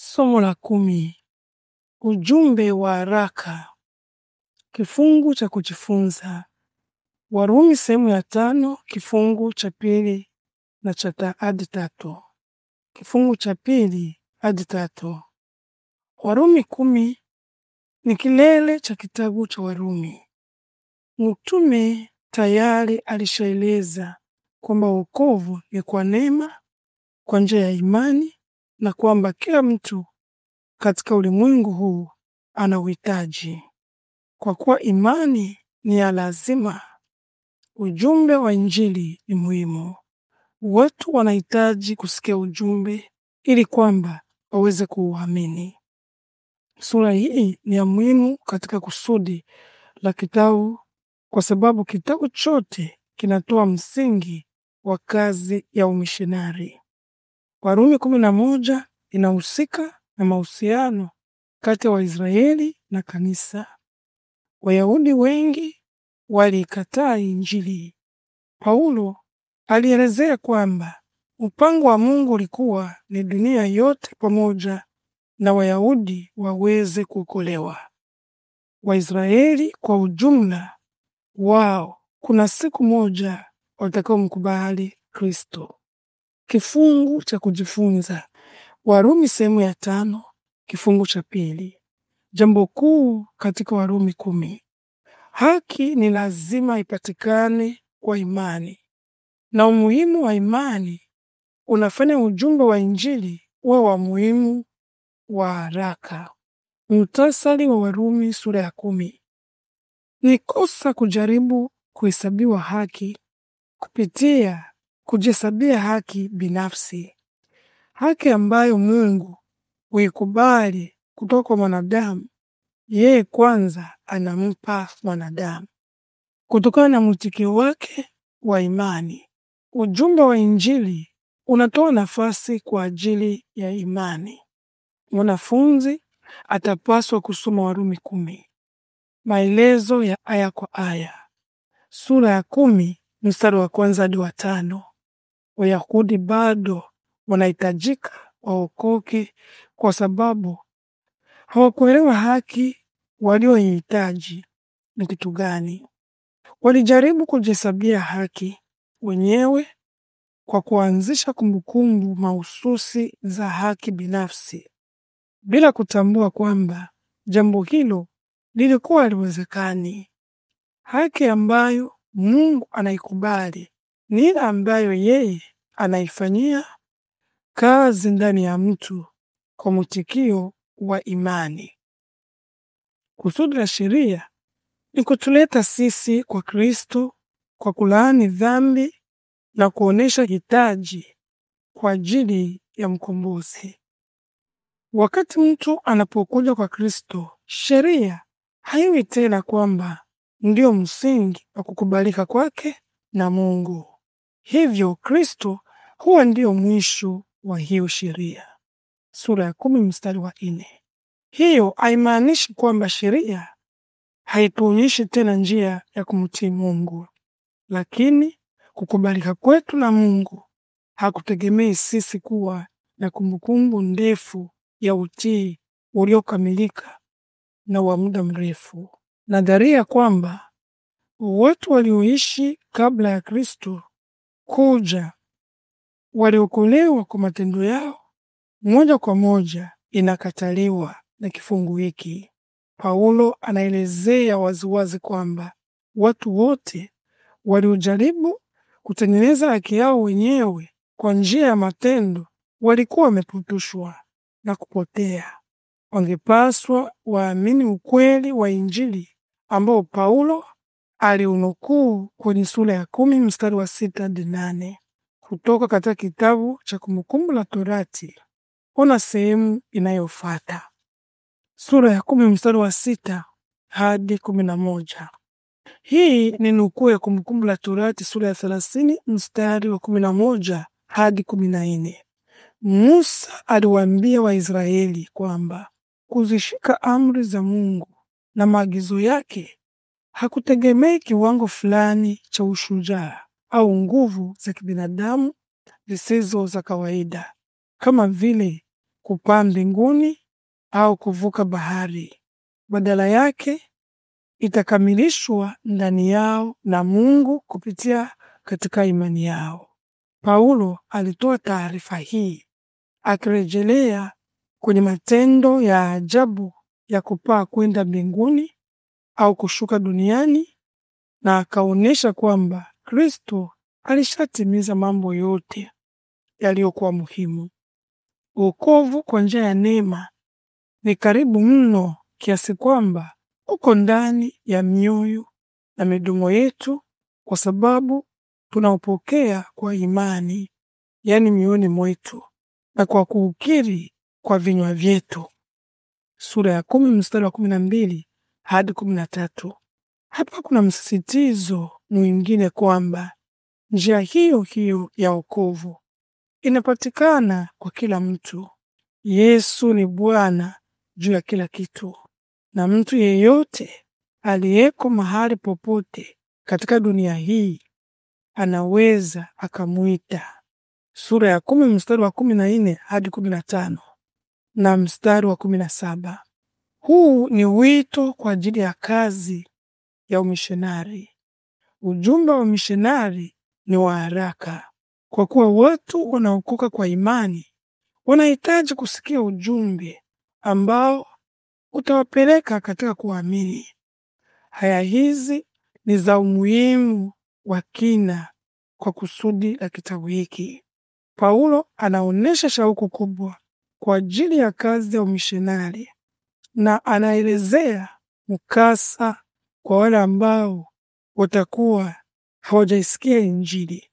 Somo la kumi. Ujumbe wa haraka. Kifungu cha kujifunza. Warumi sehemu ya tano kifungu cha pili na cha hadi tatu. Kifungu cha pili hadi tatu. Warumi kumi ni kilele cha kitabu cha Warumi. Mtume tayari alishaeleza kwamba wokovu ni kwa neema kwa njia ya imani na kwamba kila mtu katika ulimwengu huu ana uhitaji. Kwa kuwa imani ni ya lazima, ujumbe wa Injili ni muhimu. Watu wanahitaji kusikia ujumbe ili kwamba waweze kuuamini. Sura hii ni ya muhimu katika kusudi la kitabu kwa sababu kitabu chote kinatoa msingi wa kazi ya umishinari. Warumi kumi na moja inahusika na mahusiano kati ya Waisraeli na kanisa. Wayahudi wengi waliikataa Injili. Paulo alielezea kwamba upango wa Mungu ulikuwa ni dunia yote pamoja na Wayahudi waweze kuokolewa. Waisraeli kwa ujumla wao kuna siku moja watakao mkubali Kristo. Kifungu cha kujifunza Warumi sehemu ya tano kifungu cha pili. Jambo kuu katika Warumi kumi, haki ni lazima ipatikane kwa imani, na umuhimu wa imani unafanya ujumbe wa Injili uwe wa muhimu wa haraka. mtasari wa Warumi sura ya kumi. Ni kosa kujaribu kuhesabiwa haki kupitia kujihesabia haki binafsi, haki ambayo Mungu huikubali kutoka kwa mwanadamu. Yeye kwanza anampa mwanadamu kutokana na mwitikio wake wa imani. Ujumbe wa Injili unatoa nafasi kwa ajili ya imani. Mwanafunzi atapaswa kusoma Warumi kumi, maelezo ya aya kwa aya, sura ya kumi mstari wa kwanza hadi wa tano. Wayahudi bado wanahitajika waokoke kwa sababu hawakuelewa haki walioihitaji ni kitu gani. Walijaribu kujihesabia haki wenyewe kwa kuanzisha kumbukumbu mahususi za haki binafsi bila kutambua kwamba jambo hilo lilikuwa haliwezekani. Haki ambayo Mungu anaikubali ni ile ambayo yeye anaifanyia kazi ndani ya mtu kwa mwitikio wa imani. Kusudi la sheria ni kutuleta sisi kwa Kristo kwa kulaani dhambi na kuonesha hitaji kwa ajili ya mkombozi. Wakati mtu anapokuja kwa Kristo, sheria haiwi tena kwamba ndiyo msingi wa kukubalika kwake na Mungu. Hivyo Kristo huwa ndiyo mwisho wa hiyo sheria, sura ya kumi mstari wa nne. Hiyo haimaanishi kwamba sheria haituonyeshi tena njia ya kumtii Mungu, lakini kukubalika kwetu na Mungu hakutegemei sisi kuwa na kumbukumbu ndefu ya utii uliokamilika na wa muda mrefu. Nadharia kwamba watu walioishi kabla ya Kristo kuja waliokolewa kwa matendo yao moja kwa moja inakataliwa na kifungu hiki. Paulo anaelezea waziwazi kwamba watu wote waliojaribu kutengeneza haki yao wenyewe kwa njia ya matendo walikuwa wamepotoshwa na kupotea. Wangepaswa waamini ukweli wa Injili ambao Paulo aliunukuu kwenye sura ya kumi mstari wa sita hadi nane kutoka katika kitabu cha Kumbukumbu la Torati. Ona sehemu inayofuata sura ya kumi mstari wa sita hadi kumi na moja. Hii ni nukuu ya Kumbukumbu la Torati sura ya thelathini mstari wa kumi na moja hadi kumi na nne. Musa aliwaambia Waisraeli kwamba kuzishika amri za Mungu na maagizo yake hakutegemei kiwango fulani cha ushujaa au nguvu za kibinadamu zisizo za kawaida kama vile kupaa mbinguni au kuvuka bahari. Badala yake, itakamilishwa ndani yao na Mungu kupitia katika imani yao. Paulo alitoa taarifa hii akirejelea kwenye matendo ya ajabu ya kupaa kwenda mbinguni au kushuka duniani na akaonesha kwamba Kristo alishatimiza mambo yote yaliyokuwa muhimu. Wokovu kwa njia ya neema ni karibu mno kiasi kwamba uko ndani ya mioyo na midomo yetu kwa sababu tunaupokea kwa imani, yani mioyoni mwetu na kwa kuukiri kwa vinywa vyetu. Sura ya kumi mstari wa kumi na mbili hadi kumi na tatu. Hapa kuna msisitizo mwingine kwamba njia hiyo hiyo ya wokovu inapatikana kwa kila mtu. Yesu ni Bwana juu ya kila kitu, na mtu yeyote aliyeko mahali popote katika dunia hii anaweza akamwita. Sura ya kumi mstari wa kumi na nne hadi kumi na tano na mstari wa kumi na saba. Huu ni wito kwa ajili ya kazi ya umishonari. Ujumbe wa umishonari ni wa haraka, kwa kuwa watu wanaokoka kwa imani wanahitaji kusikia ujumbe ambao utawapeleka katika kuamini. Haya hizi ni za umuhimu wa kina kwa kusudi la kitabu hiki. Paulo anaonesha shauku kubwa kwa ajili ya kazi ya umishonari na anaelezea mkasa kwa wale ambao watakuwa hawajaisikia Injili.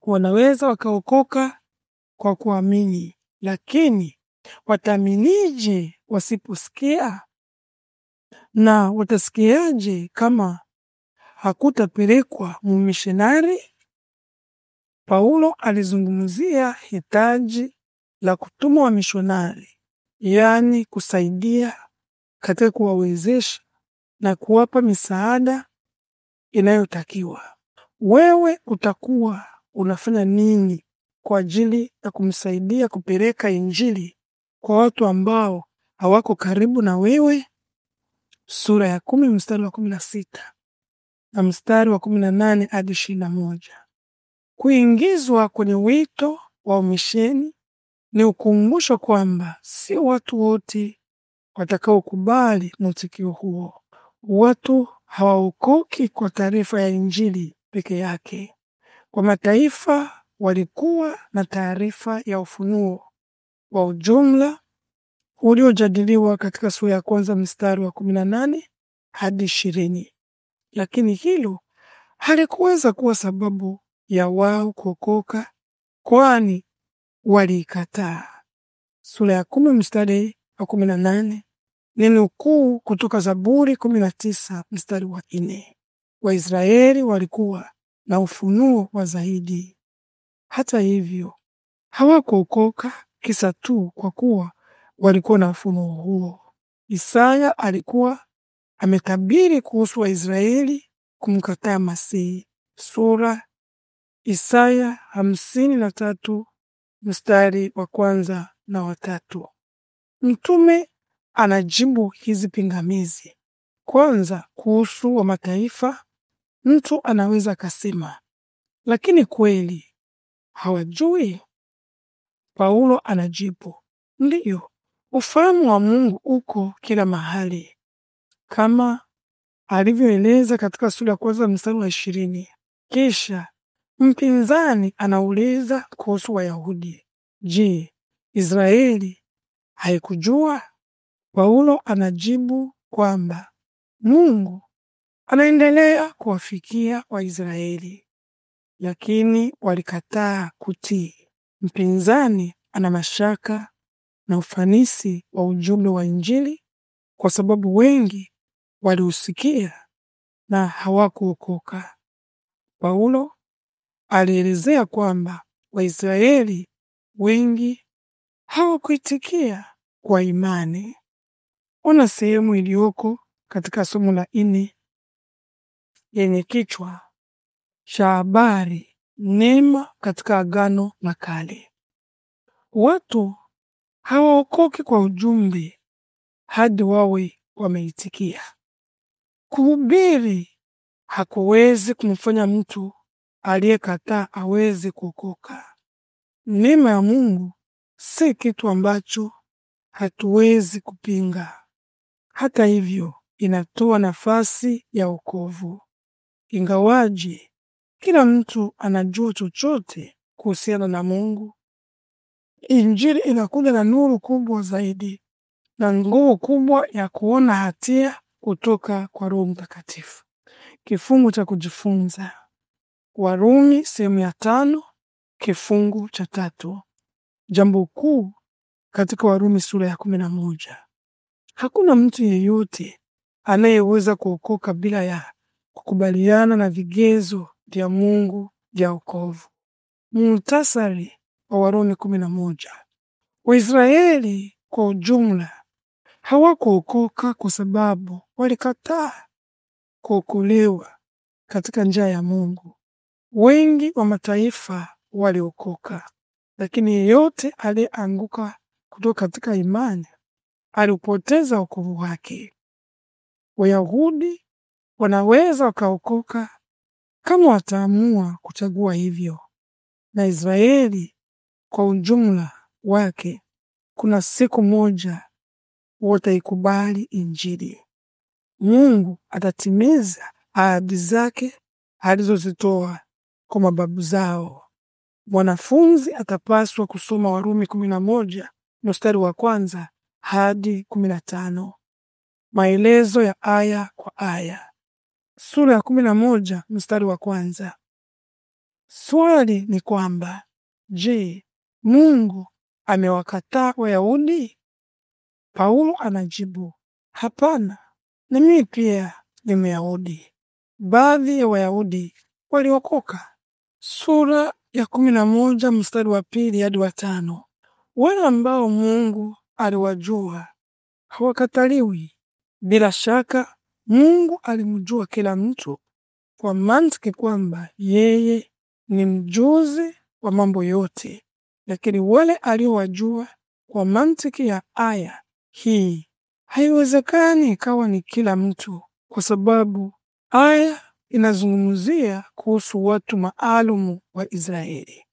Wanaweza wakaokoka kwa kuamini, lakini wataaminije wasiposikia? Na watasikiaje kama hakutapelekwa mumishonari? Paulo alizungumzia hitaji la kutuma wamishonari, yaani kusaidia katika kuwawezesha na kuwapa misaada inayotakiwa. Wewe utakuwa unafanya nini kwa ajili ya kumsaidia kupeleka Injili kwa watu ambao hawako karibu na wewe? Sura ya kumi mstari wa kumi na sita na mstari wa kumi na nane hadi ishirini na moja. Kuingizwa kwenye wito wa umisheni ni ukumbusho kwamba si watu wote watakaokubali mwitikio huo. Watu hawaokoki kwa taarifa ya Injili peke yake. Kwa mataifa walikuwa na taarifa ya ufunuo wa ujumla uliojadiliwa katika sura ya kwanza mstari wa 18 hadi 20, lakini hilo halikuweza kuwa sababu ya wao kuokoka, kwani waliikataa. Sura ya kumi mstari wa kumi na nane neno kuu kutoka Zaburi kumi na tisa mstari wa nne. Waisraeli walikuwa na ufunuo wa zaidi. Hata hivyo hawakuokoka kisa tu kwa kuwa walikuwa na ufunuo huo. Isaya alikuwa ametabiri kuhusu Waisraeli kumkataa Masihi. Sura Isaya hamsini na tatu mstari wa kwanza na watatu. Mtume anajibu hizi pingamizi. Kwanza, kuhusu wa mataifa, mtu anaweza akasema, lakini kweli hawajui? Paulo anajibu, ndiyo, ufahamu wa Mungu uko kila mahali kama alivyoeleza katika sura ya kwanza mstari wa ishirini. Kisha mpinzani anauliza kuhusu Wayahudi, je, Israeli haikujua? Paulo anajibu kwamba Mungu anaendelea kuwafikia Waisraeli, lakini walikataa kutii. Mpinzani ana mashaka na ufanisi wa ujumbe wa Injili kwa sababu wengi waliusikia na hawakuokoka. Paulo alielezea kwamba Waisraeli wengi hawakuitikia kwa imani. Ona sehemu iliyoko katika somo la nne yenye kichwa cha habari neema katika Agano la Kale. Watu hawaokoki kwa ujumbe hadi wawe wameitikia. Kuhubiri hakuwezi kumfanya mtu aliyekataa aweze kuokoka. Neema ya Mungu si kitu ambacho hatuwezi kupinga. Hata hivyo, inatoa nafasi ya wokovu, ingawaje kila mtu anajua chochote kuhusiana na Mungu. Injili inakuja na nuru kubwa zaidi na nguvu kubwa ya kuona hatia kutoka kwa Roho Mtakatifu. Kifungu cha kujifunza: Warumi sehemu ya tano kifungu cha tatu jambo kuu katika Warumi sura ya kumi na moja. Hakuna mtu yeyote anayeweza kuokoka bila ya kukubaliana na vigezo vya Mungu vya wokovu. Muhtasari wa Warumi kumi na moja. Waisraeli kwa ujumla hawakuokoka kwa sababu walikataa kuokolewa katika njia ya Mungu. Wengi wa mataifa waliokoka lakini yeyote aliyeanguka kutoka katika imani alipoteza wokovu wake. Wayahudi wanaweza wakaokoka kama wataamua kuchagua hivyo, na Israeli kwa ujumla wake kuna siku moja wataikubali Injili. Mungu atatimiza ahadi zake alizozitoa kwa mababu zao mwanafunzi atapaswa kusoma Warumi 11 mstari wa kwanza hadi 15. Maelezo ya aya kwa aya. Sura ya 11 mstari wa kwanza. Swali ni kwamba je, Mungu amewakataa Wayahudi? Paulo anajibu, hapana, na mimi pia ni Myahudi. Baadhi ya Wayahudi waliokoka. Sura ya kumi na moja mstari wa pili hadi wa tano. Wale ambao Mungu aliwajua hawakataliwi. Bila shaka Mungu alimjua kila mtu kwa mantiki kwamba yeye ni mjuzi wa mambo yote, lakini wale aliowajua kwa mantiki ya aya hii haiwezekani ikawa ni kila mtu, kwa sababu aya inazungumzia kuhusu watu maalumu wa Israeli.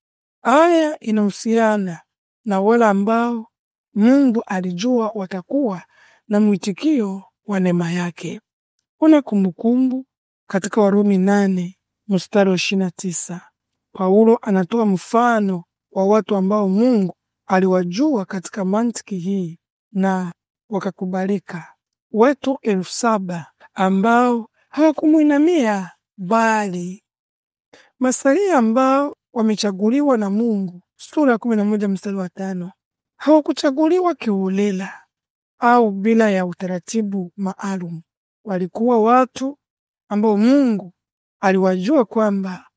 Aya inahusiana na wale ambao Mungu alijua watakuwa na mwitikio wa neema yake. Kuna kumbukumbu katika Warumi nane mstari wa ishirini na tisa. Paulo anatoa mfano wa watu ambao Mungu aliwajua katika mantiki hii na wakakubalika, watu elfu saba ambao hawakumwinamia baali masalia ambao wamechaguliwa na Mungu, sura ya kumi na moja mstari wa tano. Hawakuchaguliwa kiholela au bila ya utaratibu maalum. Walikuwa watu ambao Mungu aliwajua kwamba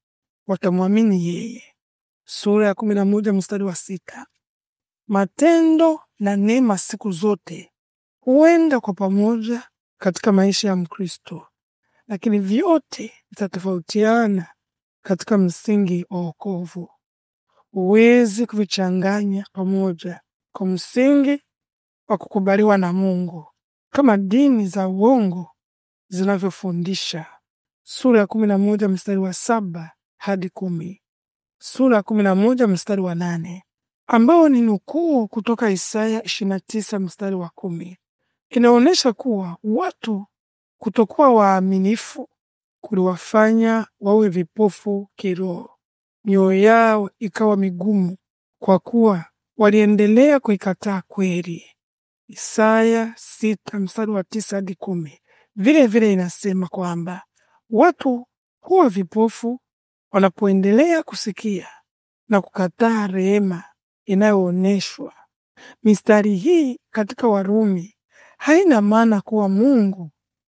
watamwamini yeye, sura ya kumi na moja mstari wa sita. Matendo na neema siku zote huenda kwa pamoja katika maisha ya Mkristo lakini vyote vitatofautiana katika msingi wa wokovu. Huwezi kuvichanganya pamoja kwa msingi wa kukubaliwa na Mungu kama dini za uongo zinavyofundisha. Sura ya kumi na moja mstari wa saba hadi kumi, sura ya kumi na moja mstari wa nane ambao ni nukuu kutoka Isaya 29 mstari wa kumi inaonyesha kuwa watu Kutokuwa waaminifu kuliwafanya wawe vipofu kiroho, mioyo yao ikawa migumu, kwa kuwa waliendelea kuikataa kweli. Isaya sita mstari wa tisa hadi kumi vile vile inasema kwamba watu huwa vipofu wanapoendelea kusikia na kukataa rehema inayoonyeshwa. Mistari hii katika Warumi haina maana kuwa Mungu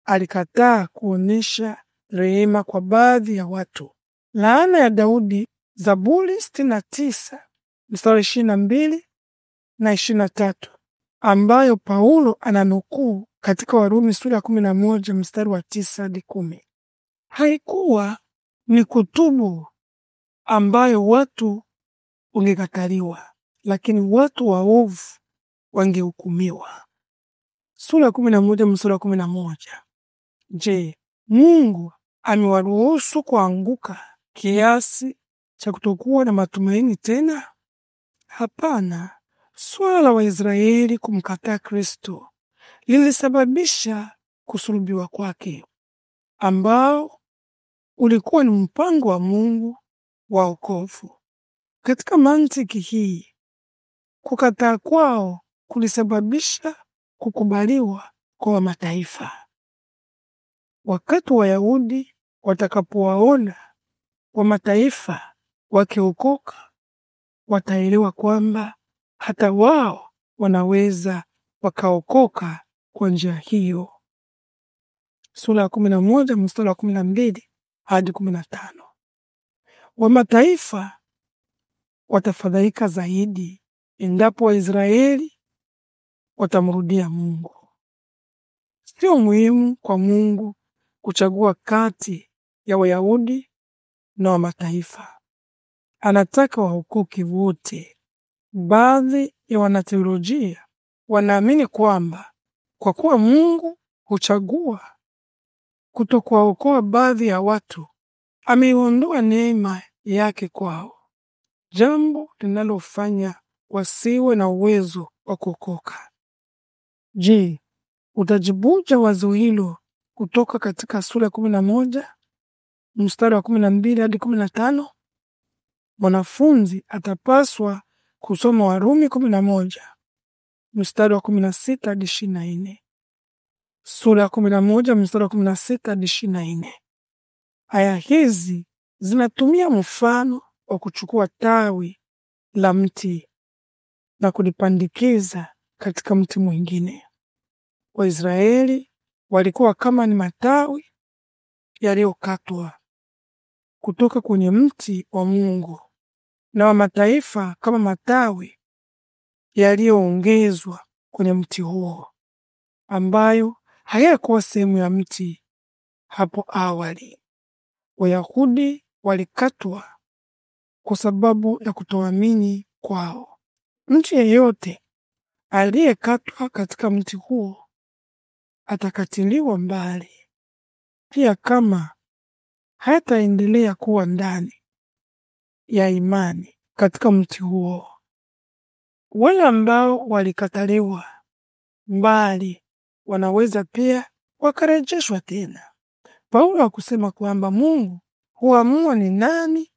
alikataa kuonesha rehema kwa baadhi ya watu. Laana ya Daudi, Zaburi 69 mstari 22 na 23, ambayo Paulo ananukuu katika Warumi sura ya 11 mstari wa 9 hadi 10. Haikuwa ni kutubu ambayo watu ungekataliwa, lakini watu waovu wangehukumiwa. Sura ya 11 mstari wa 11. Je, Mungu amewaruhusu kuanguka kiasi cha kutokuwa na matumaini tena? Hapana. swala la Waisraeli kumkataa Kristo lilisababisha kusulubiwa kwake, ambao ulikuwa ni mpango wa Mungu wa wokovu. Katika mantiki hii, kukataa kwao kulisababisha kukubaliwa kwa Mataifa wakati Wayahudi watakapowaona wa mataifa wakiokoka, wataelewa kwamba hata wao wanaweza wakaokoka kwa njia hiyo. Sura ya kumi na moja mstari wa kumi na mbili hadi kumi na tano. Wa mataifa watafadhaika zaidi endapo Waisraeli watamrudia Mungu. Sio muhimu kwa Mungu kuchagua kati ya Wayahudi na wa mataifa. Anataka waokoke wote. Baadhi ya wanateolojia wanaamini kwamba kwa kuwa Mungu huchagua kutokuwaokoa baadhi ya watu, ameiondoa neema yake kwao, jambo linalofanya wasiwe na uwezo wa kuokoka. Je, utajibuja wazo hilo kutoka katika sura ya kumi na moja mstari wa kumi na mbili hadi kumi na tano mwanafunzi atapaswa kusoma Warumi kumi na moja mstari wa kumi na sita hadi ishirini na nne sura ya kumi na moja mstari wa kumi na sita hadi ishirini na nne Aya hizi zinatumia mfano wa kuchukua tawi la mti na kulipandikiza katika mti mwingine. Waisraeli walikuwa kama ni matawi yaliyokatwa kutoka kwenye mti wa Mungu, na wa mataifa kama matawi yaliyoongezwa kwenye mti huo, ambayo hayakuwa sehemu ya mti hapo awali. Wayahudi walikatwa kwa sababu ya kutoamini kwao. Mtu yeyote aliyekatwa katika mti huo atakatiliwa mbali. Pia kama hataendelea kuwa ndani ya imani katika mti huo, wale ambao walikataliwa mbali wanaweza pia wakarejeshwa tena. Paulo akusema kwamba Mungu huamua ni nani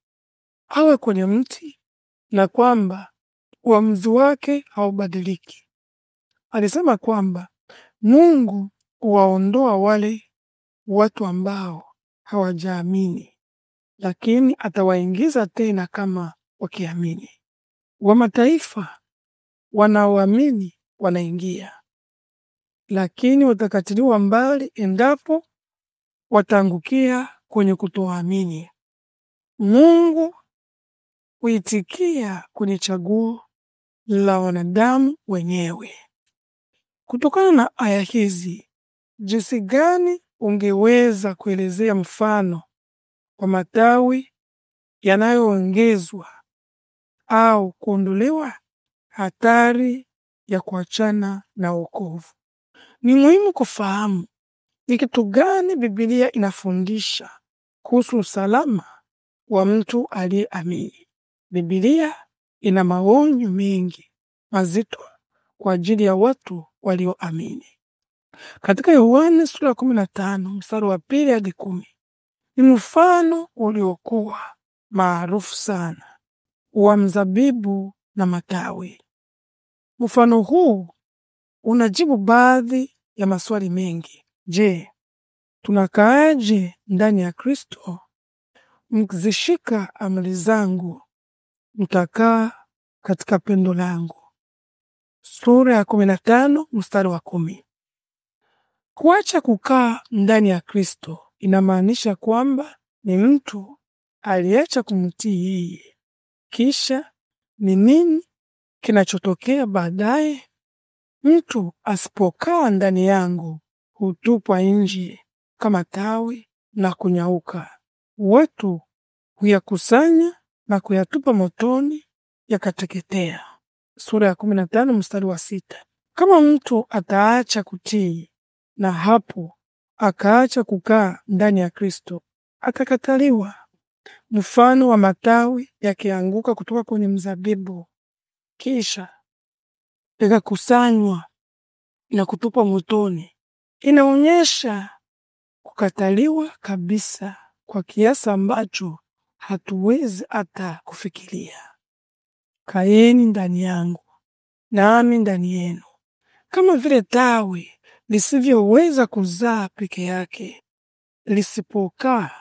awe kwenye mti na kwamba uamuzi wake haubadiliki. Alisema kwamba Mungu kuwaondoa wale watu ambao hawajaamini, lakini atawaingiza tena kama wakiamini. Wa mataifa wanaoamini wanaingia, lakini watakatiliwa mbali endapo wataangukia kwenye kutoamini. Mungu huitikia kwenye chaguo la wanadamu wenyewe. Kutokana na aya hizi Jinsi gani ungeweza kuelezea mfano wa matawi yanayoongezwa au kuondolewa hatari ya kuachana na wokovu? Ni muhimu kufahamu ni kitu gani Biblia inafundisha kuhusu usalama wa mtu aliyeamini. Biblia ina maonyo mengi mazito kwa ajili ya watu walioamini. Katika Yohana sura ya kumi na tano mstari wa pili hadi kumi ni mfano uliokuwa maarufu sana wa mzabibu na matawi. Mfano huu unajibu baadhi ya maswali mengi. Je, tunakaaje ndani ya Kristo? Mkizishika amri zangu mtakaa katika pendo langu. Sura ya kumi na tano mstari wa kumi. Kuacha kukaa ndani ya Kristo inamaanisha kwamba ni mtu aliacha kumtii yeye. Kisha ni nini kinachotokea baadaye? Mtu asipokaa ndani yangu hutupwa nje kama tawi na kunyauka, watu huyakusanya na kuyatupa motoni yakateketea. Sura ya 15 mstari wa sita. Kama mtu ataacha kutii na hapo akaacha kukaa ndani ya Kristo, akakataliwa mfano wa matawi yakianguka kutoka kwenye mzabibu, kisha yakakusanywa na kutupa motoni. Inaonyesha kukataliwa kabisa kwa kiasi ambacho hatuwezi hata kufikiria. Kaeni ndani yangu nami ndani yenu, kama vile tawi lisivyoweza kuzaa peke yake lisipokaa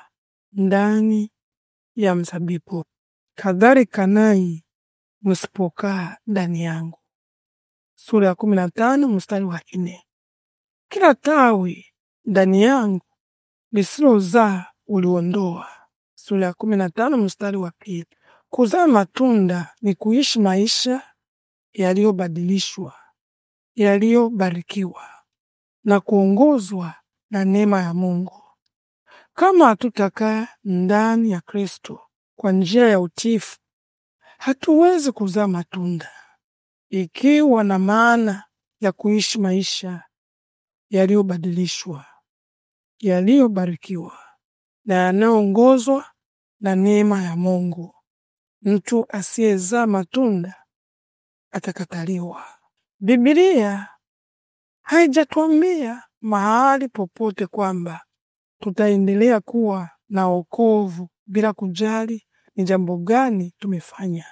ndani ya mzabibu, kadhalika nanyi msipokaa ndani yangu. Sura ya kumi na tano mstari wa nne. Kila tawi ndani yangu lisilozaa uliondoa. Sura ya kumi na tano mstari wa pili. Kuzaa matunda ni kuishi maisha yaliyobadilishwa, yaliyobarikiwa na kuongozwa na neema ya Mungu. Kama hatutakaa ndani ya Kristo kwa njia ya utifu hatuwezi kuzaa matunda, ikiwa na maana ya kuishi maisha yaliyobadilishwa, yaliyobarikiwa na yanayoongozwa na neema ya Mungu. Mtu asiyezaa matunda atakataliwa. Biblia haijatuambia mahali popote kwamba tutaendelea kuwa na wokovu bila kujali ni jambo gani tumefanya.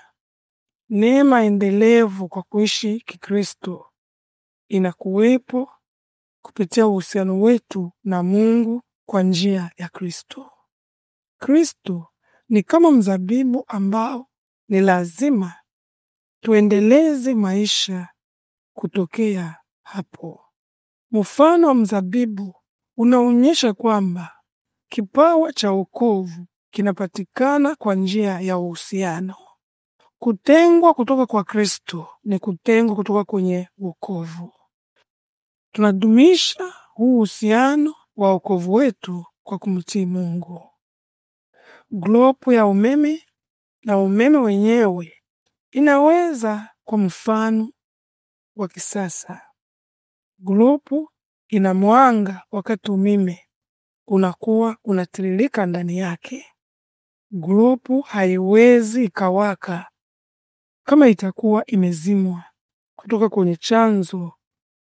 Neema endelevu kwa kuishi Kikristo inakuwepo kupitia uhusiano wetu na Mungu kwa njia ya Kristo. Kristo ni kama mzabibu ambao ni lazima tuendeleze maisha kutokea hapo. Mfano wa mzabibu unaonyesha kwamba kipawa cha wokovu kinapatikana kwa njia ya uhusiano. Kutengwa kutoka kwa Kristo ni kutengwa kutoka kwenye wokovu. Tunadumisha huu uhusiano wa wokovu wetu kwa kumtii Mungu. Glopu ya umeme na umeme wenyewe inaweza kwa mfano wa kisasa Grupu ina mwanga wakati umeme unakuwa unatiririka ndani yake. Grupu haiwezi ikawaka kama itakuwa imezimwa kutoka kwenye chanzo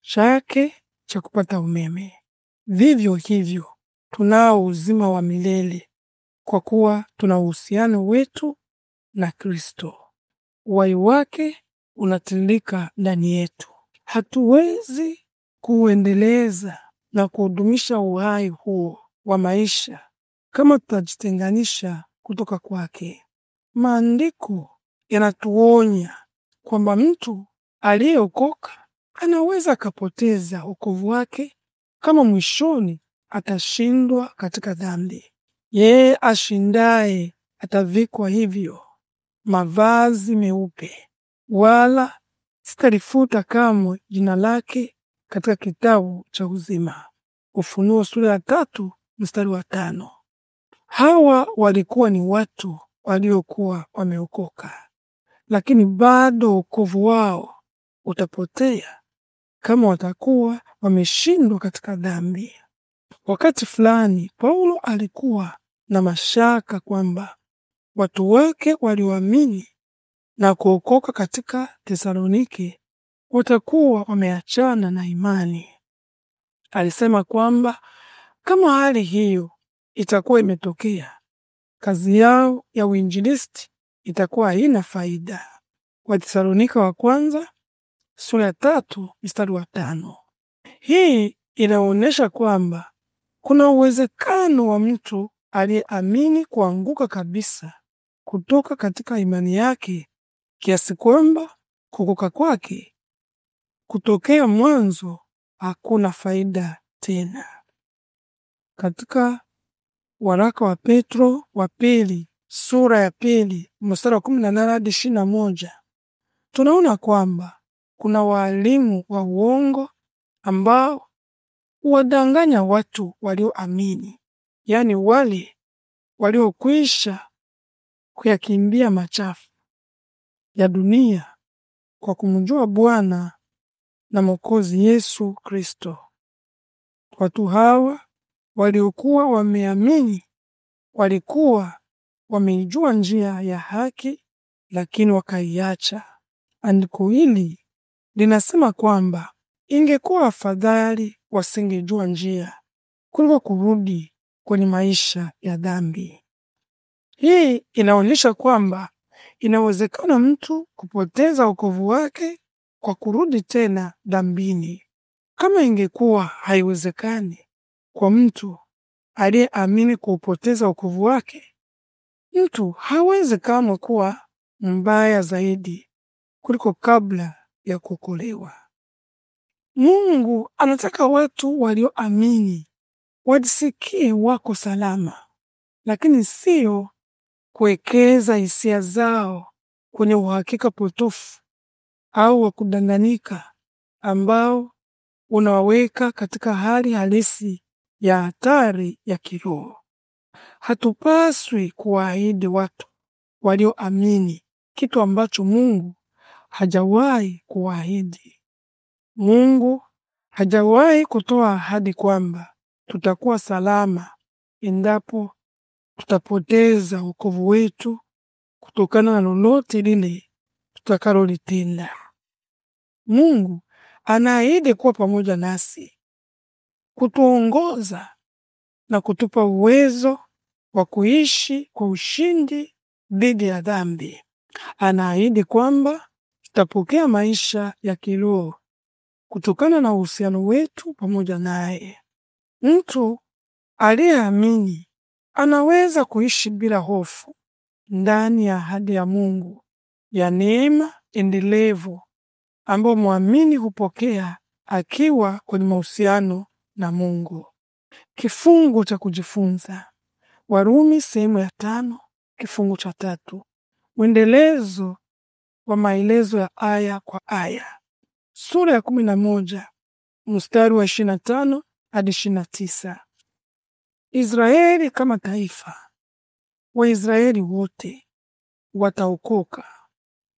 chake cha kupata umeme. Vivyo hivyo, tunao uzima wa milele kwa kuwa tuna uhusiano wetu na Kristo. Uhai wake unatiririka ndani yetu. Hatuwezi kuuendeleza na kuudumisha uhai huo wa maisha kama tutajitenganisha kutoka kwake. Maandiko yanatuonya kwamba mtu aliyeokoka anaweza akapoteza wokovu wake kama mwishoni atashindwa katika dhambi. Yeye ashindaye atavikwa hivyo mavazi meupe, wala sitalifuta kamwe jina lake katika kitabu cha uzima, Ufunuo sura ya tatu mstari wa tano. Hawa walikuwa ni watu waliokuwa wameokoka, lakini bado wokovu wao utapotea kama watakuwa wameshindwa katika dhambi. Wakati fulani Paulo alikuwa na mashaka kwamba watu wake walioamini na kuokoka katika Tesalonike watakuwa wameachana na imani. Alisema kwamba kama hali hiyo itakuwa imetokea, kazi yao ya uinjilisti itakuwa haina faida. Watesalonika wa kwanza sura ya tatu mstari wa tano. Hii inaonyesha kwamba kuna uwezekano wa mtu aliyeamini kuanguka kabisa kutoka katika imani yake kiasi kwamba kukoka kwake kutokea mwanzo hakuna faida tena. Katika waraka wa Petro wa pili sura ya pili mstari wa kumi na nane hadi ishirini na moja tunaona kwamba kuna waalimu wa uongo ambao huwadanganya watu walioamini, yaani wale waliokwisha kuyakimbia machafu ya dunia kwa kumjua Bwana na Mwokozi Yesu Kristo. Watu hawa waliokuwa wameamini walikuwa wameijua njia ya haki, lakini wakaiacha. Andiko hili linasema kwamba ingekuwa afadhali wasingejua njia kuliko kurudi kwenye maisha ya dhambi. Hii inaonyesha kwamba inawezekana mtu kupoteza wokovu wake kwa kurudi tena dhambini. Kama ingekuwa haiwezekani kwa mtu aliyeamini kuupoteza wokovu wake, mtu hawezi kamwe kuwa mbaya zaidi kuliko kabla ya kuokolewa. Mungu anataka watu walioamini wajisikie wako salama, lakini siyo kuwekeza hisia zao kwenye uhakika potofu au wa kudanganyika ambao unawaweka katika hali halisi ya hatari ya kiroho. Hatupaswi kuwaahidi watu walioamini kitu ambacho Mungu hajawahi kuwaahidi. Mungu hajawahi kutoa ahadi kwamba tutakuwa salama endapo tutapoteza wokovu wetu kutokana na lolote lile tutakalolitenda. Mungu anaahidi kuwa pamoja nasi, kutuongoza na kutupa uwezo wa kuishi kwa ushindi dhidi ya dhambi. Anaahidi kwamba tutapokea maisha ya kiroho kutokana na uhusiano wetu pamoja naye. Mtu aliyeamini anaweza kuishi bila hofu ndani ya ahadi ya Mungu ya neema endelevu ambao mwamini hupokea akiwa kwenye mahusiano na Mungu. Kifungu cha kujifunza Warumi sehemu ya tano kifungu cha tatu mwendelezo wa maelezo ya aya kwa aya, sura ya kumi na moja mstari wa ishirini na tano hadi ishirini na tisa Israeli kama taifa, Waisraeli wote wataokoka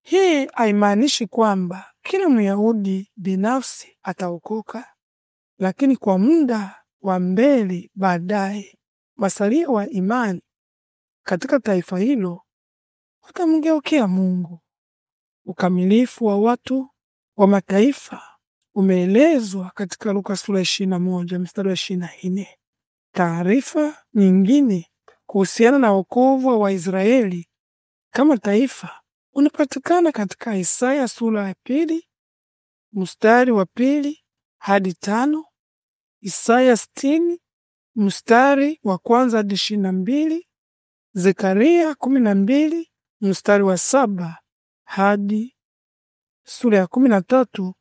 hii haimaanishi kwamba kila Myahudi binafsi ataokoka, lakini kwa muda wa mbele baadaye, masalia wa imani katika taifa hilo watamgeokea Mungu. Ukamilifu wa watu wa mataifa umeelezwa katika Luka sura 21 mstari wa 24. Taarifa nyingine kuhusiana na wokovu wa Israeli kama taifa unapatikana katika Isaya sura ya pili mstari wa pili hadi tano, Isaya sitini mstari wa kwanza hadi ishirini na mbili, Zekaria kumi na mbili mstari wa saba hadi sura ya kumi na tatu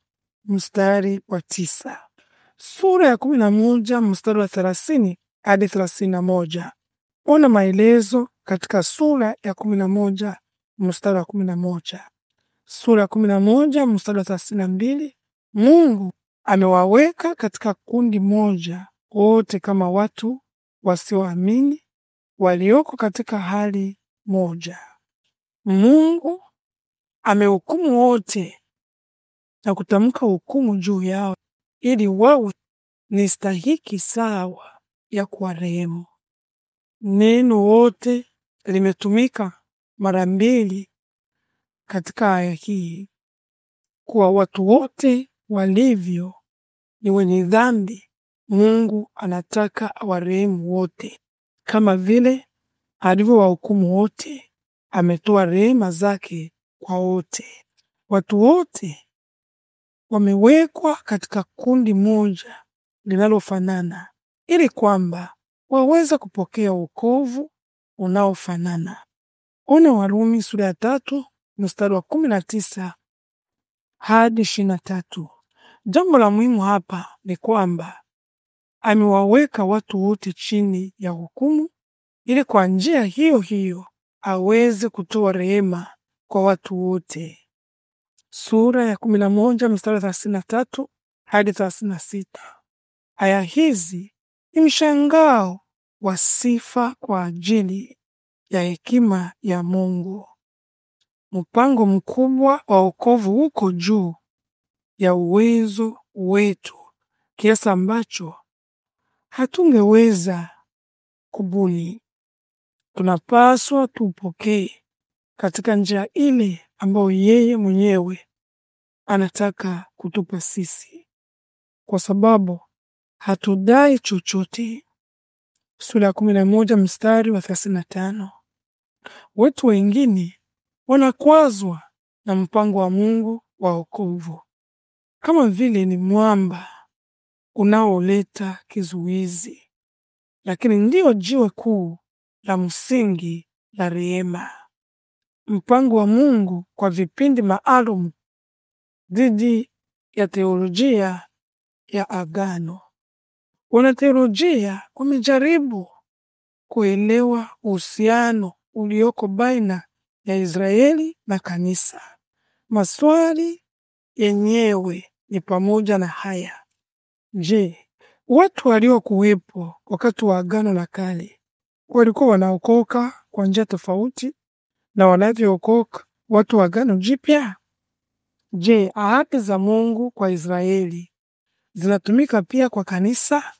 mstari wa tisa, sura ya kumi na moja mstari wa thelathini hadi thelathini na moja. Ona maelezo katika sura ya kumi na moja mstari wa kumi na moja sura ya kumi na moja mstari wa thelathini na mbili Mungu amewaweka katika kundi moja wote kama watu wasioamini walioko katika hali moja. Mungu amehukumu wote na kutamka hukumu juu yao ili wawe ni stahiki sawa ya kuwarehemu. Neno wote limetumika mara mbili katika aya hii kuwa watu wote walivyo ni wenye dhambi. Mungu anataka awarehemu wote, kama vile alivyowahukumu wote, ametoa rehema zake kwa wote. Watu wote wamewekwa katika kundi moja linalofanana ili kwamba waweze kupokea wokovu unaofanana. Ona Warumi sura ya tatu mstari wa kumi na tisa hadi ishirini na tatu. Jambo la muhimu hapa ni kwamba amewaweka watu wote chini ya hukumu ili kwa njia hiyo hiyo aweze kutoa rehema kwa watu wote. Sura ya kumi na moja mstari wa thelathini na tatu hadi thelathini na sita. Aya hizi ni mshangao wa sifa kwa ajili ya hekima ya Mungu. Mpango mkubwa wa wokovu uko juu ya uwezo wetu kiasi ambacho hatungeweza kubuni. Tunapaswa tupokee katika njia ile ambayo yeye mwenyewe anataka kutupa sisi, kwa sababu hatudai chochote. Sura ya 11 mstari wa watu wengine wanakwazwa na mpango wa Mungu wa wokovu kama vile ni mwamba unaoleta kizuizi, lakini ndiyo jiwe kuu la msingi la rehema. Mpango wa Mungu kwa vipindi maalum dhidi ya teolojia ya agano. Wanateolojia wamejaribu kuelewa uhusiano ulioko baina ya Israeli na Kanisa. Maswali yenyewe ni pamoja na haya: Je, watu waliokuwepo wakati wa Agano la Kale walikuwa wanaokoka kwa njia tofauti na wanavyookoka watu wa Agano Jipya? Je, ahadi za Mungu kwa Israeli zinatumika pia kwa kanisa?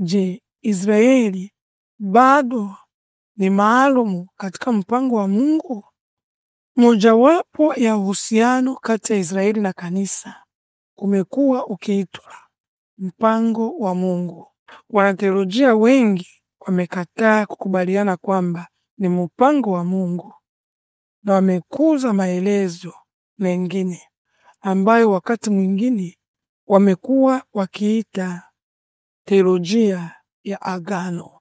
Je, Israeli bado ni maalumu katika mpango wa Mungu. Mojawapo ya uhusiano kati ya Israeli na kanisa umekuwa ukiitwa mpango wa Mungu. Wanateolojia wengi wamekataa kukubaliana kwamba ni mpango wa Mungu na wamekuza maelezo mengine ambayo wakati mwingine wamekuwa wakiita teolojia ya agano.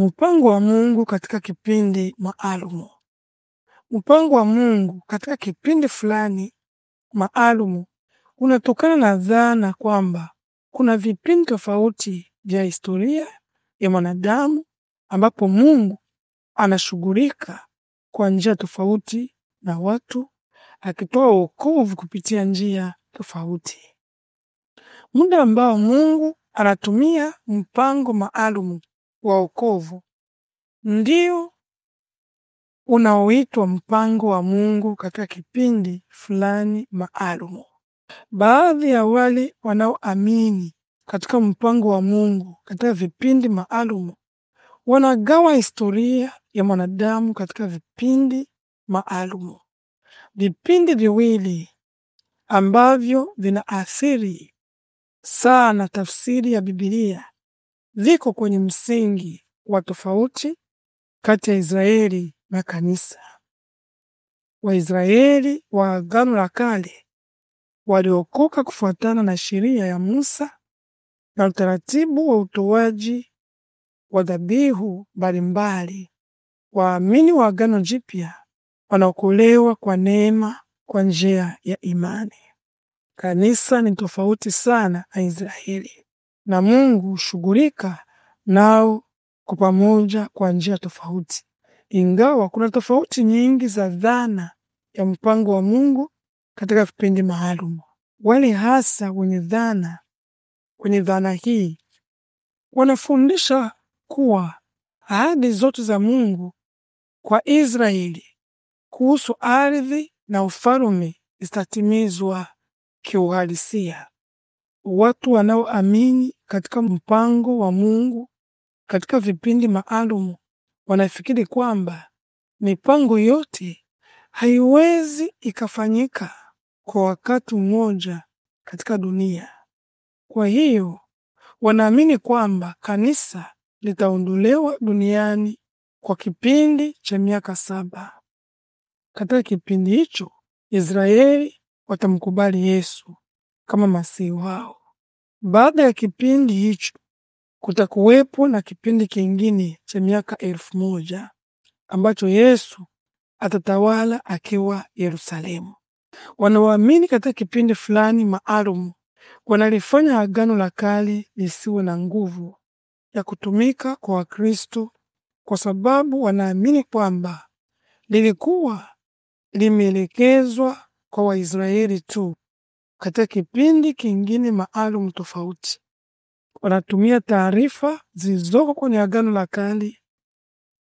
Mpango wa Mungu katika kipindi maalumu. Mpango wa Mungu katika kipindi fulani maalumu unatokana na dhana kwamba kuna vipindi tofauti vya historia ya mwanadamu ambapo Mungu anashughulika kwa njia tofauti na watu, akitoa wokovu kupitia njia tofauti. Muda ambao Mungu anatumia mpango maalumu wa wokovu ndio unaoitwa mpango wa Mungu katika kipindi fulani maalumu. Baadhi ya wale wanaoamini katika mpango wa Mungu katika vipindi maalumu wanagawa historia ya mwanadamu katika vipindi maalumu, vipindi viwili ambavyo vinaathiri sana tafsiri ya Biblia liko kwenye msingi wa tofauti kati ya Israeli na kanisa. Waisraeli wa Agano la Kale waliokoka kufuatana na sheria ya Musa na utaratibu wa utoaji wa dhabihu mbalimbali. Waamini wa Agano Jipya wanaokolewa kwa neema kwa njia ya imani. Kanisa ni tofauti sana na Israeli na Mungu hushughulika nao kwa pamoja kwa njia tofauti. Ingawa kuna tofauti nyingi za dhana ya mpango wa Mungu katika vipindi maalum, wale hasa wenye dhana kwenye dhana hii wanafundisha kuwa ahadi zote za Mungu kwa Israeli kuhusu ardhi na ufalme zitatimizwa kiuhalisia. Watu wanaoamini katika mpango wa Mungu katika vipindi maalum, wanafikiri kwamba mipango yote haiwezi ikafanyika kwa wakati mmoja katika dunia. Kwa hiyo wanaamini kwamba kanisa litaondolewa duniani kwa kipindi cha miaka saba. Katika kipindi hicho Israeli watamkubali Yesu kama masihi wao. Baada ya kipindi hicho kutakuwepo na kipindi kingine cha miaka elfu moja ambacho Yesu atatawala akiwa Yerusalemu. Wanaoamini katika kipindi fulani maalum wanalifanya Agano la Kale lisiwe na nguvu ya kutumika kwa Wakristo kwa sababu wanaamini kwamba lilikuwa limeelekezwa kwa Waisraeli tu katika kipindi kingine maalum tofauti. Wanatumia taarifa zilizoko kwenye Agano la Kale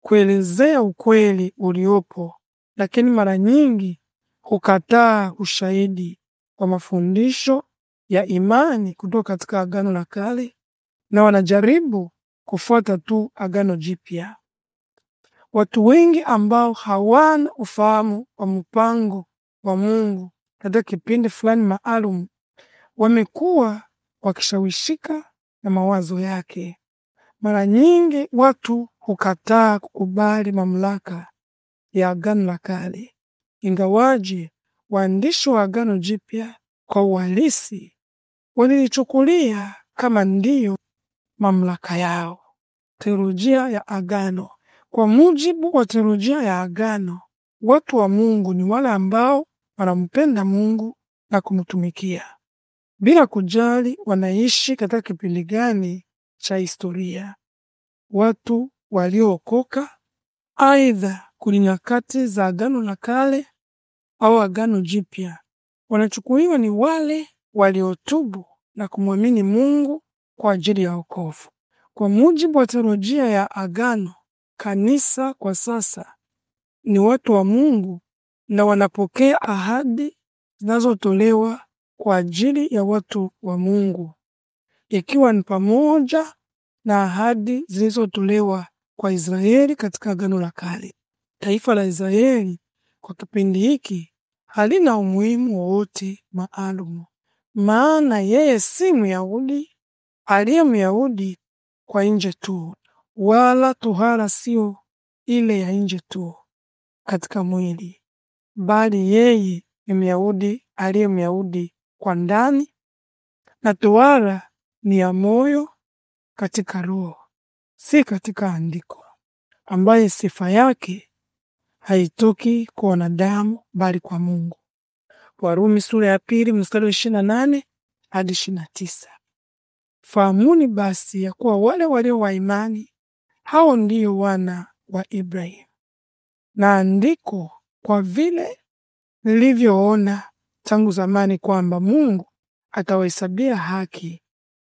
kuelezea ukweli uliopo, lakini mara nyingi hukataa ushahidi wa mafundisho ya imani kutoka katika Agano la Kale na wanajaribu kufuata tu Agano Jipya. Watu wengi ambao hawana ufahamu wa mpango wa Mungu katika kipindi fulani maalum wamekuwa wakishawishika na mawazo yake. Mara nyingi watu hukataa kukubali mamlaka ya Agano la Kale, ingawaje waandishi wa Agano Jipya kwa uhalisi walilichukulia kama ndiyo mamlaka yao. Teolojia ya Agano. Kwa mujibu wa teolojia ya Agano, watu wa Mungu ni wale ambao wanampenda Mungu na kumtumikia bila kujali wanaishi katika kipindi gani cha historia. Watu waliookoka aidha kulinyakati nyakati za Agano la Kale au Agano Jipya wanachukuliwa ni wale waliotubu na kumwamini Mungu kwa ajili ya wokovu. Kwa mujibu wa teolojia ya Agano, kanisa kwa sasa ni watu wa Mungu na wanapokea ahadi zinazotolewa kwa ajili ya watu wa Mungu, ikiwa ni pamoja na ahadi zilizotolewa kwa Israeli katika Agano la Kale. Taifa la Israeli kwa kipindi hiki halina umuhimu wowote maalum, maana yeye si Myahudi aliye Myahudi kwa nje tu, wala tohara sio ile ya nje tu katika mwili, bali yeye ni Myahudi aliye Myahudi kwa ndani, na tohara ni ya moyo katika roho, si katika andiko, ambaye sifa yake haitoki kwa wanadamu bali kwa Mungu. Warumi sura ya pili mstari wa ishirini na nane hadi ishirini na tisa. Fahamuni basi ya kuwa wale walio wa imani hao ndiyo wana wa Ibrahimu. Na andiko kwa vile nilivyoona tangu zamani kwamba Mungu atawahesabia haki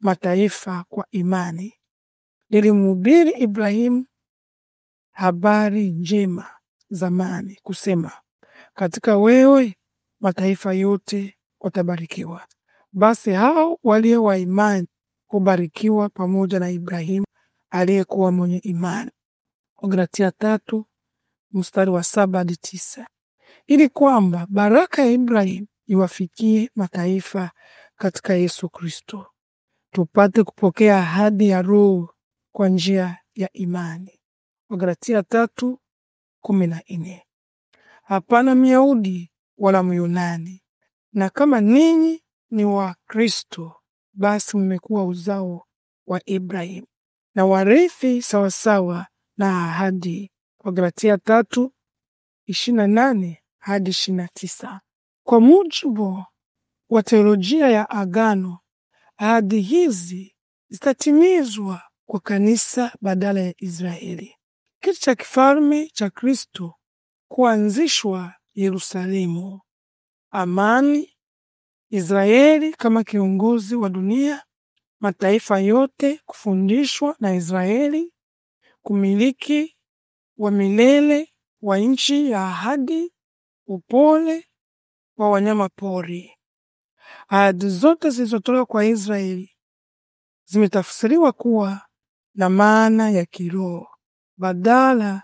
mataifa kwa imani, nilimhubiri Ibrahimu habari njema zamani, kusema, katika wewe mataifa yote watabarikiwa. Basi hao walio wa imani hubarikiwa pamoja na Ibrahimu aliyekuwa mwenye imani. Wagalatia tatu mstari wa saba hadi tisa ili kwamba baraka ya Ibrahimu iwafikie mataifa katika Yesu Kristo, tupate kupokea ahadi ya Roho kwa njia ya imani. Wagalatia tatu kumi na nne. Hapana Myahudi wala Myunani, na kama ninyi ni wa Kristo, basi mmekuwa uzao wa Ibrahimu na warithi sawasawa na ahadi Wagalatia tatu ishirini na nane hadi ishirini na tisa. Kwa mujibu wa teolojia ya Agano, ahadi hizi zitatimizwa kwa kanisa badala ya Israeli. Kiti cha kifalme cha Kristo kuanzishwa Yerusalemu, amani, Israeli kama kiongozi wa dunia, mataifa yote kufundishwa na Israeli kumiliki wa milele wa nchi ya ahadi, upole wa wanyama pori. Ahadi zote zilizotoka kwa Israeli zimetafsiriwa kuwa na maana ya kiroho badala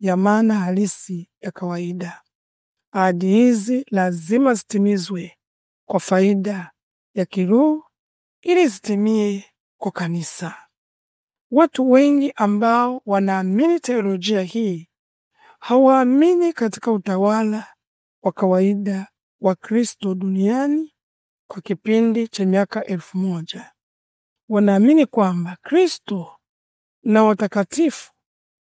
ya maana halisi ya kawaida. Ahadi hizi lazima zitimizwe kwa faida ya kiroho ili zitimie kwa kanisa. Watu wengi ambao wanaamini teolojia hii hawaamini katika utawala wa kawaida wa Kristo duniani kwa kipindi cha miaka elfu moja. Wanaamini kwamba Kristo na watakatifu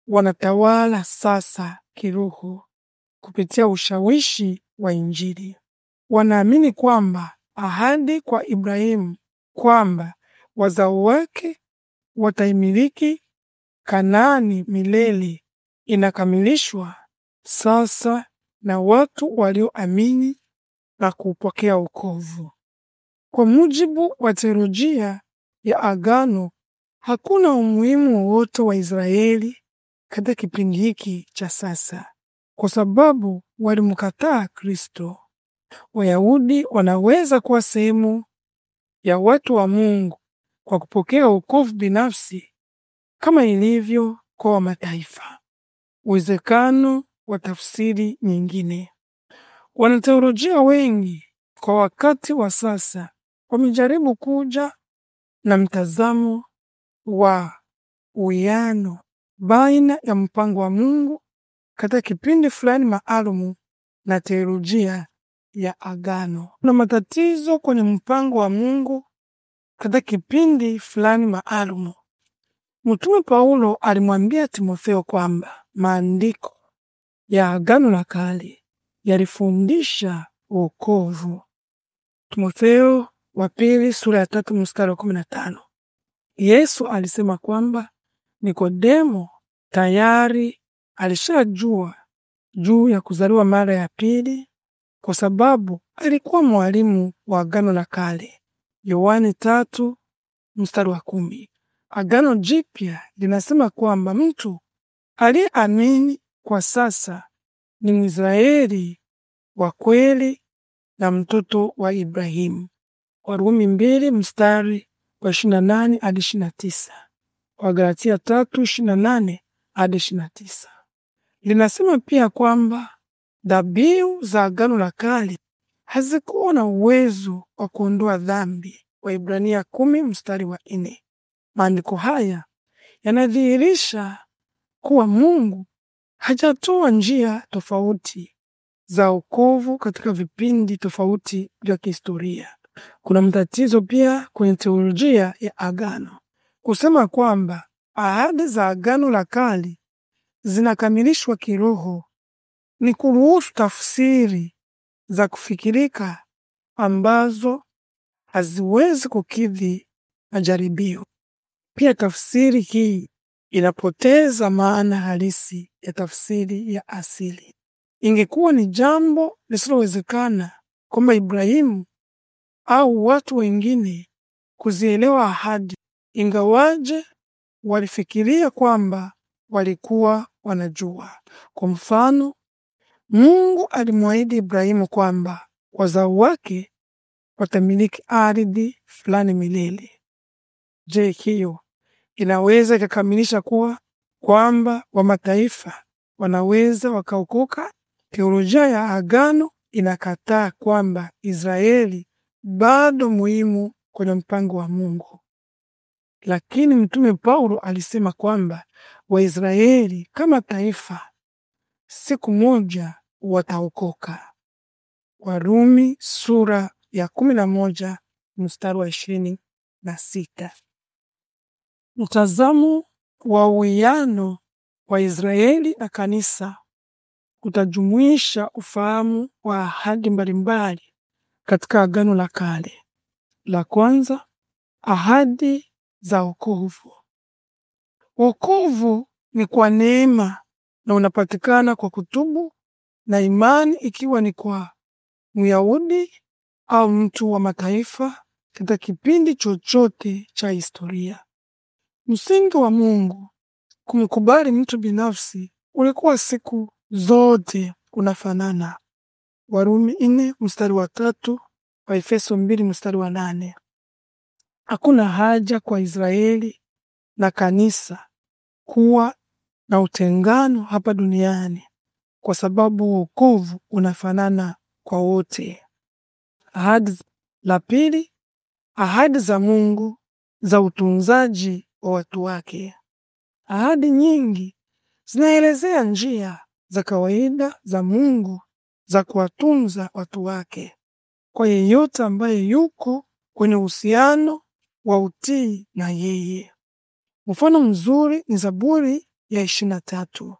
wanatawala sasa kiroho kupitia ushawishi wa Injili. Wanaamini kwamba ahadi kwa Ibrahimu kwamba wazao wake wataimiliki Kanaani milele. Inakamilishwa sasa na watu walioamini na kupokea wokovu. Kwa mujibu wa teolojia ya Agano, hakuna umuhimu wowote wa Israeli katika kipindi hiki cha sasa, kwa sababu walimkataa Kristo. Wayahudi wanaweza kuwa sehemu ya watu wa Mungu kwa kupokea wokovu binafsi kama ilivyo kwa wa mataifa Uwezekano wa tafsiri nyingine. Wanateolojia wengi kwa wakati wa sasa wamejaribu kuja na mtazamo wa uwiano baina ya mpango wa Mungu katika kipindi fulani maalumu na teolojia ya agano. Kuna matatizo kwenye mpango wa Mungu katika kipindi fulani maalumu. Mtume Paulo alimwambia Timotheo kwamba maandiko ya Agano la Kale yalifundisha wokovu. Timotheo wa pili sura ya tatu mstari wa kumi na tano. Yesu alisema kwamba Nikodemo tayari alishajua juu ya kuzaliwa mara ya pili kwa sababu alikuwa mwalimu wa Agano la Kale. Yohane tatu mstari wa kumi. Agano Jipya linasema kwamba mtu aliyeamini kwa sasa ni Mwisraeli wa kweli na mtoto wa Ibrahimu. Warumi mbili mstari wa nane hadi tisa. Wagalatia tatu nane hadi tisa. Linasema pia kwamba dhabihu za Agano la Kale hazikuwa na uwezo wa kuondoa dhambi. Waibrania kumi mstari wa nne. Maandiko haya yanadhihirisha kuwa Mungu hajatoa njia tofauti za wokovu katika vipindi tofauti vya kihistoria. Kuna mtatizo pia kwenye teolojia ya agano kusema kwamba ahadi za agano la kale zinakamilishwa kiroho ni kuruhusu tafsiri za kufikirika ambazo haziwezi kukidhi majaribio. Pia tafsiri hii inapoteza maana halisi ya tafsiri ya asili. Ingekuwa ni jambo lisilowezekana kwamba Ibrahimu au watu wengine kuzielewa ahadi, ingawaje walifikiria kwamba walikuwa wanajua. Kwa mfano, Mungu alimwahidi Ibrahimu kwamba wazao wake watamiliki ardhi fulani milele. Je, hiyo inaweza ikakamilisha kuwa kwamba wamataifa wanaweza wakaokoka? Teolojia ya Agano inakataa kwamba Israeli bado muhimu kwenye mpango wa Mungu, lakini mtume Paulo alisema kwamba Waisraeli kama taifa siku moja wataokoka. Warumi sura ya kumi na moja mstari wa ishirini na sita. Mtazamo wa uwiano wa Israeli na kanisa utajumuisha ufahamu wa ahadi mbalimbali katika Agano la Kale. La kwanza, ahadi za wokovu. Wokovu ni kwa neema na unapatikana kwa kutubu na imani, ikiwa ni kwa Myahudi au mtu wa mataifa katika kipindi chochote cha historia. Msingi wa Mungu kumkubali mtu binafsi ulikuwa siku zote unafanana. Warumi ine mstari wa tatu, Efeso mbili mstari wa nane. Hakuna haja kwa Israeli na kanisa kuwa na utengano hapa duniani, kwa sababu wokovu unafanana kwa wote. Ahadi la pili, ahadi za Mungu za utunzaji wa watu wake. Ahadi nyingi zinaelezea njia za kawaida za Mungu za kuwatunza watu wake kwa yeyote ambaye yuko kwenye uhusiano wa utii na yeye. Mfano mzuri ni Zaburi ya ishirini na tatu.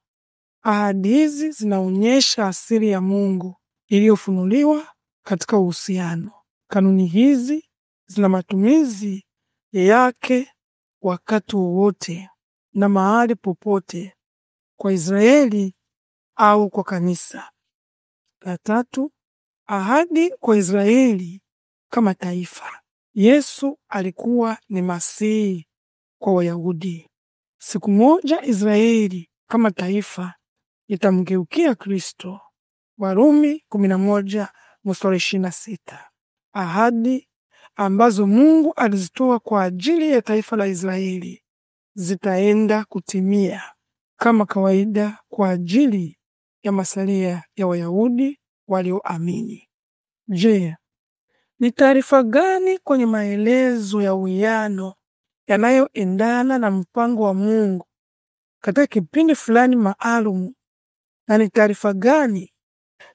Ahadi hizi zinaonyesha asili ya Mungu iliyofunuliwa katika uhusiano. Kanuni hizi zina matumizi yake wakati wowote na mahali popote kwa Israeli au kwa kanisa. La tatu, ahadi kwa Israeli kama taifa. Yesu alikuwa ni masihi kwa Wayahudi Siku moja Israeli kama taifa itamgeukia Kristo. Warumi kumi mstari Ahadi ambazo Mungu alizitoa kwa ajili ya taifa la Israeli zitaenda kutimia kama kawaida kwa ajili ya masalia ya Wayahudi walioamini. Je, ni taarifa gani kwenye maelezo ya uwiano yanayoendana na mpango wa Mungu katika kipindi fulani maalum, na ni taarifa gani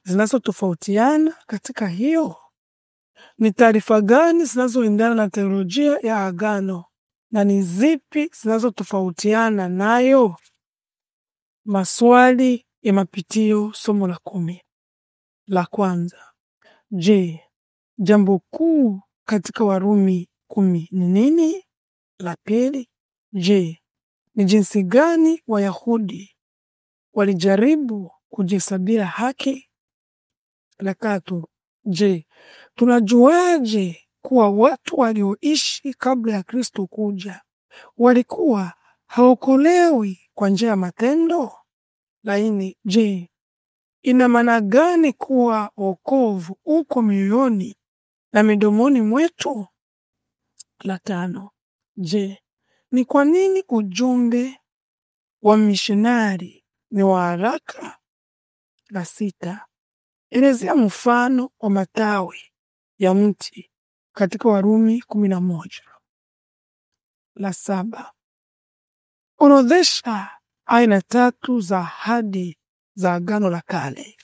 zinazotofautiana katika hiyo? Ni taarifa gani zinazoendana na teolojia ya agano na ni zipi zinazotofautiana nayo? Maswali ya mapitio, somo la kumi. La kwanza, je, jambo kuu katika Warumi kumi ni nini? la pili, je, ni jinsi gani Wayahudi walijaribu kujisabira haki? La tatu, je, tunajuaje kuwa watu walioishi kabla ya Kristo kuja walikuwa haokolewi kwa njia ya matendo? Laini, je, ina maana gani kuwa wokovu uko mioyoni na midomoni mwetu? La tano, Je, ni kwa nini ujumbe wa mishonari ni wa haraka? la sita, elezea mfano wa matawi ya mti katika Warumi kumi na moja. La saba, orodhesha aina tatu za ahadi za Agano la Kale.